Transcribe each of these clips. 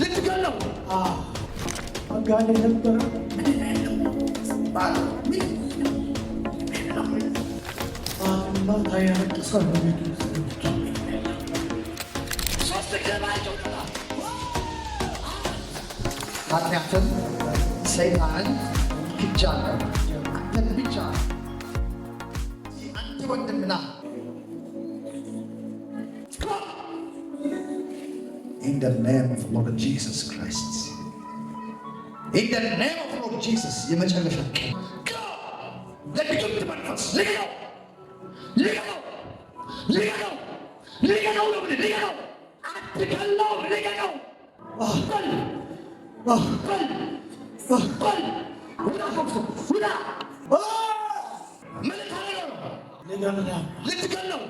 ልትገለው ኃጢአትን ሰይጣንን ብቻ ብቻ አንድ ወንድምና in the name of Lord Jesus Christ. In the name of Lord Jesus, you may change your Go! Let me do the manifest. Leave it Leave it Leave it Leave it all over Leave it ልትገለው ልትገለው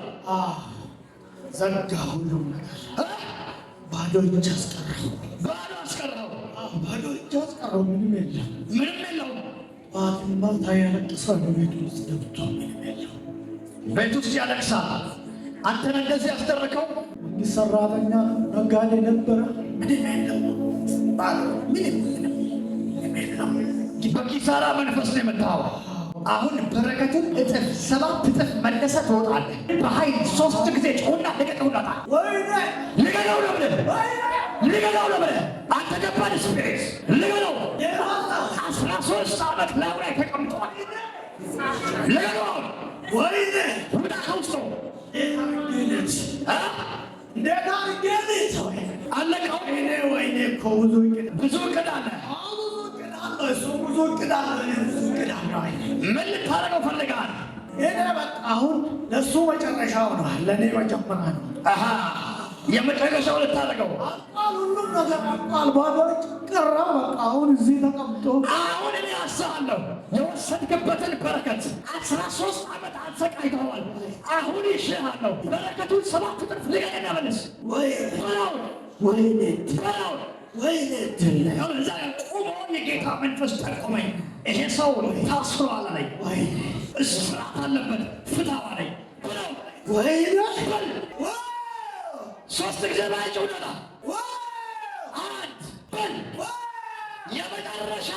ዘጋ ሁሉም ነገር ባዶ እጅ አስቀረው። ባዶ አስቀረው። ባዶ እጅ አስቀረው። ምንም የለም። ምንም የለውም። ጠዋትና ማታ ያለቅሳል። ቤት ውስጥ ገብቶ ምንም የለም። ቤት ውስጥ ያለቅሳል። አንተን እንደዚህ ያስደረከው እንዲህ ሰራተኛ ነጋዴ ነበረ። ምንም የለም። ባዶ ምንም ምንም የለም። በኪሳራ መንፈስ ነው የመጣኸው። አሁን በረከቱን እጥፍ ሰባት እጥፍ መለሰ ትወጣለ። በኃይል ሶስት ጊዜ ጮና ልቀቀው ላታ ልገለው ነው ልገለው ልገለው አስራ ሶስት ዓመት ላብራይ ተቀምጠዋል። ልገለው ወይ ውጣ ከውስጥ ነው ብዙ ቅድ አለ ብዙ እቅድ አለ፣ ብዙ እቅድ አለ። ምን ልታደርገው ፈልጋል? ይሄ በቃ አሁን ለእሱ መጨረሻው ነው፣ ለእኔ መጀመሪያ ነው። የመጨረሻው ልታደርገው አቃል፣ ሁሉም ነገር አቃል፣ ባዶ ቀረ። በቃ አሁን እዚህ ተቀምጦ አሁን እኔ አስባለሁ የወሰድክበትን በረከት አስራ ሶስት ዓመት አሰቃይተዋል። አሁን ይሽሃለሁ በረከቱን ሰባት ጥርፍ ልገና መልስ ወይ ወይ ወይዛ ቁሞ የጌታ መንፈስ ጠቆመኝ። ይሄ ሰው ታስሯል አለኝ። እስራት አለበት፣ ፍታው አለኝ። ሶስት ጊዜ ባያቸው አንድ በል የመጨረሻ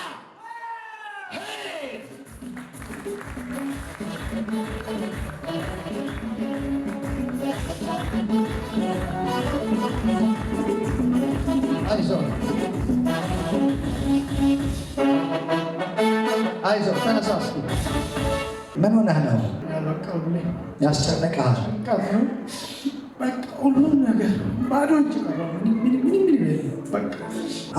አይዞህ ተነሳ። እስኪ ምን ሆነህ ነው ያስጨነቀሃል? ሁሉም ነገር ባዶ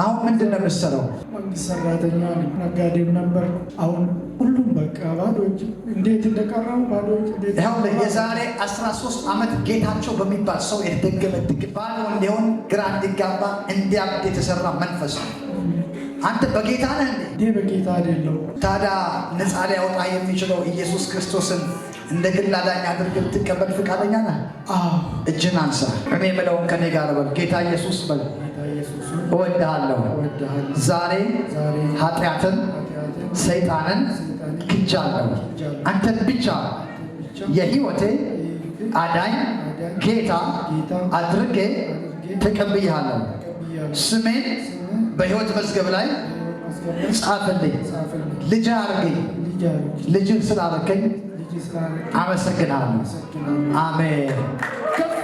አሁን ምንድን ነው የምትሰራው? መንግስት ሰራተኛ ነጋዴም ነበር። አሁን ሁሉም በቃ ባዶ እጅ እንዴት እንደቀረው ባዶ እጅ። የዛሬ 13 ዓመት ጌታቸው በሚባል ሰው የተደገመ ድግ ባዶ እንዲሆን ግራ እንዲጋባ እንዲያብድ የተሰራ መንፈስ ነው። አንተ በጌታ ነህ እንዴ? በጌታ አይደለሁም። ታዲያ ነፃ ሊያወጣ የሚችለው ኢየሱስ ክርስቶስን እንደ ግል አዳኝ አድርገህ ብትቀበል ፈቃደኛ ነህ? እጅን አንሳ። እኔ የምለውን ከኔ ጋር በል ጌታ ኢየሱስ በል እወድሃለሁ። ዛሬ ኃጢአትን፣ ሰይጣንን ክጃለሁ። አንተን ብቻ የሕይወቴ አዳኝ ጌታ አድርጌ ተቀብያለሁ። ስሜን በሕይወት መዝገብ ላይ ጻፍልኝ፣ ልጅ አድርገኝ። ልጅን ስላረከኝ አመሰግናለሁ። አሜን።